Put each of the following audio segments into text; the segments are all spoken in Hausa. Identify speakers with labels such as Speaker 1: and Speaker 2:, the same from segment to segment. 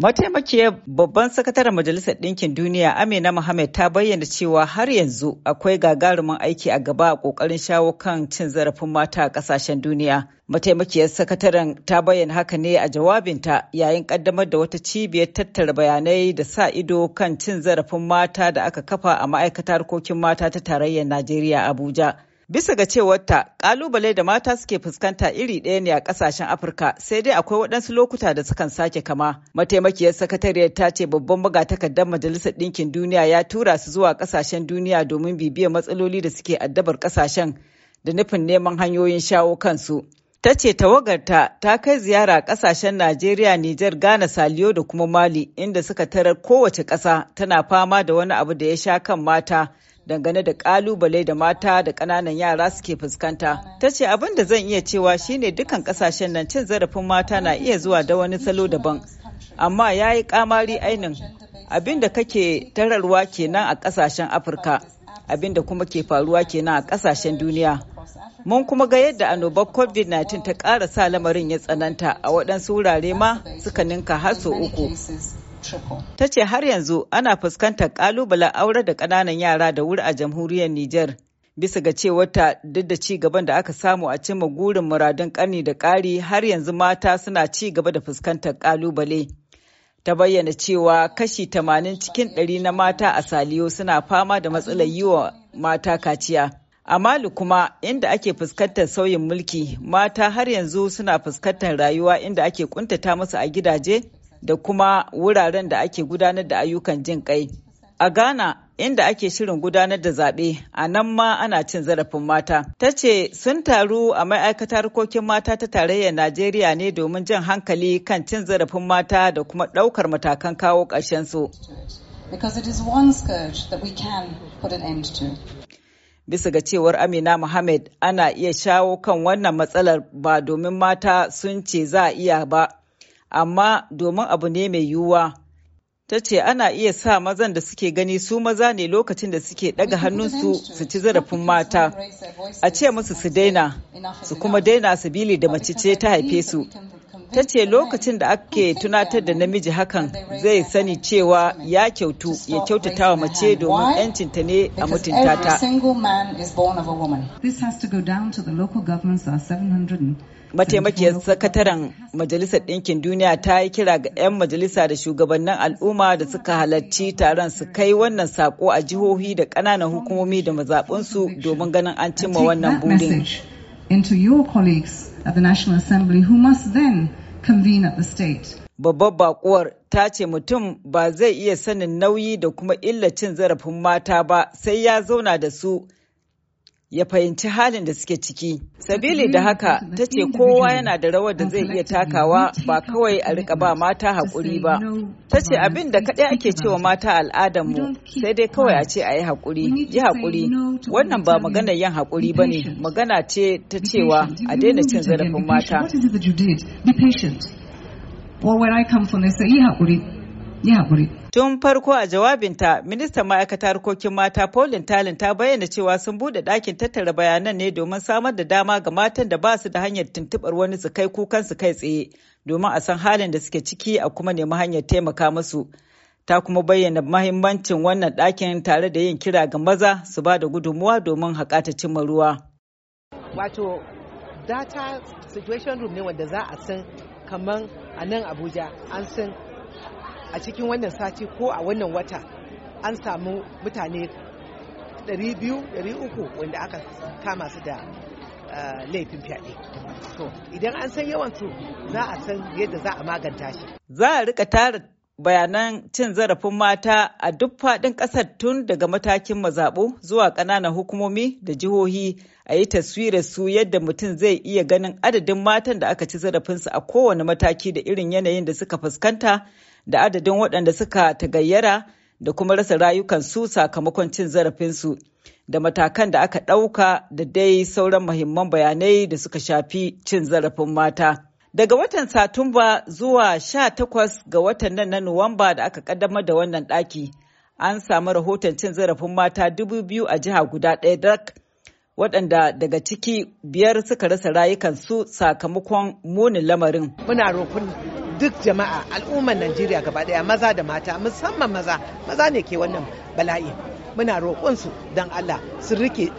Speaker 1: Mataimakiyar babban sakataren Majalisar Ɗinkin Duniya Amina Mohammed ta bayyana cewa har yanzu akwai gagarumin aiki a gaba a ƙoƙarin shawo kan cin zarafin mata a ƙasashen duniya. Mataimakiyar sakataren ta bayyana haka ne a jawabinta yayin ƙaddamar da wata cibiyar tattara bayanai da sa ido kan cin zarafin mata da aka kafa a ma'aikatar harkokin mata ta tarayyar Najeriya Abuja. Bisa ga cewarta, kalubale da mata suke fuskanta iri ɗaya ne a ƙasashen Afirka, sai dai akwai waɗansu lokuta da sukan sake kama. Mataimakiyar sakatariyar ta ce babban magatakardar Majalisar Ɗinkin Duniya ya tura su zuwa ƙasashen duniya domin bibiyar matsaloli da suke addabar ƙasashen da nufin neman hanyoyin shawo kansu. Ta ce tawagarta ta kai ziyara ƙasashen Najeriya, Nijar, Ghana, Saliyo da kuma Mali, inda suka tarar kowace ƙasa tana fama da wani abu da ya sha kan mata. dangane da kalubale da mata da ƙananan yara suke fuskanta. Ta ce abin da zan iya cewa shine dukan ƙasashen nan cin zarafin mata na iya zuwa da wani salo daban. Amma ya yi ƙamari ainin abin da kake tararwa kenan a kasashen Afirka, abin da kuma ke faruwa kenan a ƙasashen duniya. Mun kuma ga yadda annobar COVID-19 ta ƙara sa lamarin ya tsananta a waɗansu wurare ma suka ninka har sau uku. Ta ce har yanzu ana fuskantar kalubalen aure da ƙananan yara da wuri a jamhuriyar Nijar. Bisa ga cewarta duk da ci gaban da aka samu a cimma gurin muradun ƙarni da ƙari har yanzu mata suna ci gaba da fuskantar kalubale. Ta bayyana cewa kashi tamanin cikin ɗari na mata a Saliyo suna fama da matsalar yi wa mata kaciya. A malu kuma inda ake fuskantar sauyin mulki mata har yanzu suna fuskantar rayuwa inda ake kuntata musu a gidaje da kuma wuraren da ake gudanar da ayyukan jin kai. A Ghana inda ake shirin gudanar da zaɓe a nan ma ana cin zarafin mata. Ta ce sun taru a ma'aikatar harkokin mata ta tarayyar Najeriya ne domin jan hankali kan cin zarafin mata da kuma ɗaukar matakan kawo su. Bisa ga cewar Amina Mohammed ana iya shawo kan wannan matsalar ba domin mata sun ce za a iya ba. amma domin abu ne mai yiwuwa. Ta ce ana iya sa mazan da suke gani su maza ne lokacin da suke ɗaga hannunsu su ci zarafin mata. A ce musu su daina, su kuma daina sabili da mace ce ta haife su. ta ce lokacin da ake tunatar da namiji hakan zai sani cewa ya kyautu ya kyautata wa mace domin 'yancinta ne a mutunta ta mataimakiyar sakataren majalisar ɗinkin duniya ta yi kira ga 'yan majalisa da shugabannin al'umma da suka halarci taron su kai wannan sako a jihohi da ƙananan hukumomi da mazaɓinsu domin ganin an cimma wannan burin. into your the National Assembly who must then convene at the state. Babbar bakuwar ta ce mutum ba zai iya sanin nauyi da kuma illacin zarafin mata ba sai ya zauna da su ya fahimci halin da suke ciki. Sabili da haka ta ce kowa yana da rawar da zai iya takawa ba kawai a rika ba mata haƙuri ba. Ta ce abin da kaɗai ake cewa mata al'adarmu sai dai kawai a ce a yi haƙuri, yi haƙuri. Wannan ba maganar yin haƙuri ba ne, magana ce ta cewa a daina cin zarafin mata. Tun farko a jawabinta, ministan ma'aikata harkokin mata Paulin Talin ta bayyana cewa sun buɗe ɗakin tattara bayanan ne domin samar da dama ga matan da ba su da hanyar tuntuɓar wani su kai kukan su kai tsaye domin a san halin da suke ciki a kuma nemi hanyar taimaka musu. Ta kuma bayyana mahimmancin wannan ɗakin tare da yin kira ga maza su ba da gudunmuwa domin haƙata cimma ruwa.
Speaker 2: Wato, data situation room ne wanda za a san kamar a nan Abuja an san a cikin wannan sati ko a wannan wata an samu mutane 200-300 wanda aka kama su da eh, laifin fyaɗe. So, idan an san yawansu za a san yadda za a maganta shi.
Speaker 1: Za a rika tara bayanan cin zarafin mata a duk faɗin ƙasar tun daga matakin mazaɓo zuwa ƙananan hukumomi da jihohi a yi taswirar su yadda mutum zai iya ganin adadin matan da aka ci zarafinsu a kowane mataki da irin yanayin da suka fuskanta da adadin waɗanda suka tagayyara da kuma rasa rayukansu sakamakon cin zarafinsu da matakan da aka ɗauka da dai sauran mahimman bayanai da suka shafi cin zarafin mata. Daga watan Satumba zuwa sha takwas ga watan nan na Nuwamba da aka ƙaddamar da wannan ɗaki, an samu rahoton cin zarafin mata dubu biyu a jiha guda ɗaya dak waɗanda daga ciki biyar suka rasa rayukansu sakamakon munin lamarin. Muna roƙon duk jama'a al'ummar najeriya
Speaker 2: gaba daya maza da mata musamman maza maza ne ke wannan bala'i muna roƙonsu don allah su rike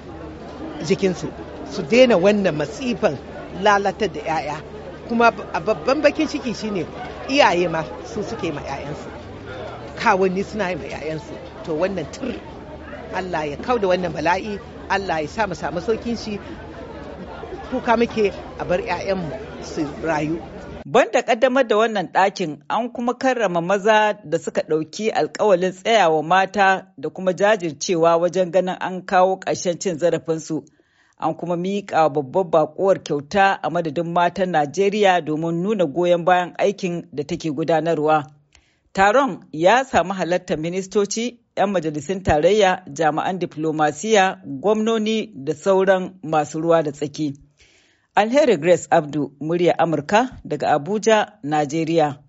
Speaker 2: jikinsu su daina wannan masifan lalatar da 'ya'ya kuma a babban bakin ciki shine iyaye ma su suke ma 'ya'yansu kawanni suna yi ma 'ya'yansu to wannan tur allah ya kau da wannan bala'i allah ya sa mu samu saukin shi kuka muke a bar 'ya'yanmu
Speaker 1: su rayu Banda kaddamar da wannan ɗakin an kuma karrama maza da suka ɗauki alkawalin tsayawa mata da kuma jajircewa wajen ganin an kawo ƙarshen cin zarafinsu. An kuma miƙa babbar baƙuwar kyauta a madadin matan Najeriya domin nuna goyon bayan aikin da take gudanarwa. Taron ya samu halartar ministoci, 'yan majalisun tarayya, jami'an diflomasiya, gwamnoni da sauran masu ruwa da tsaki. Alheri Grace Abdu, murya Amurka daga Abuja, Najeriya.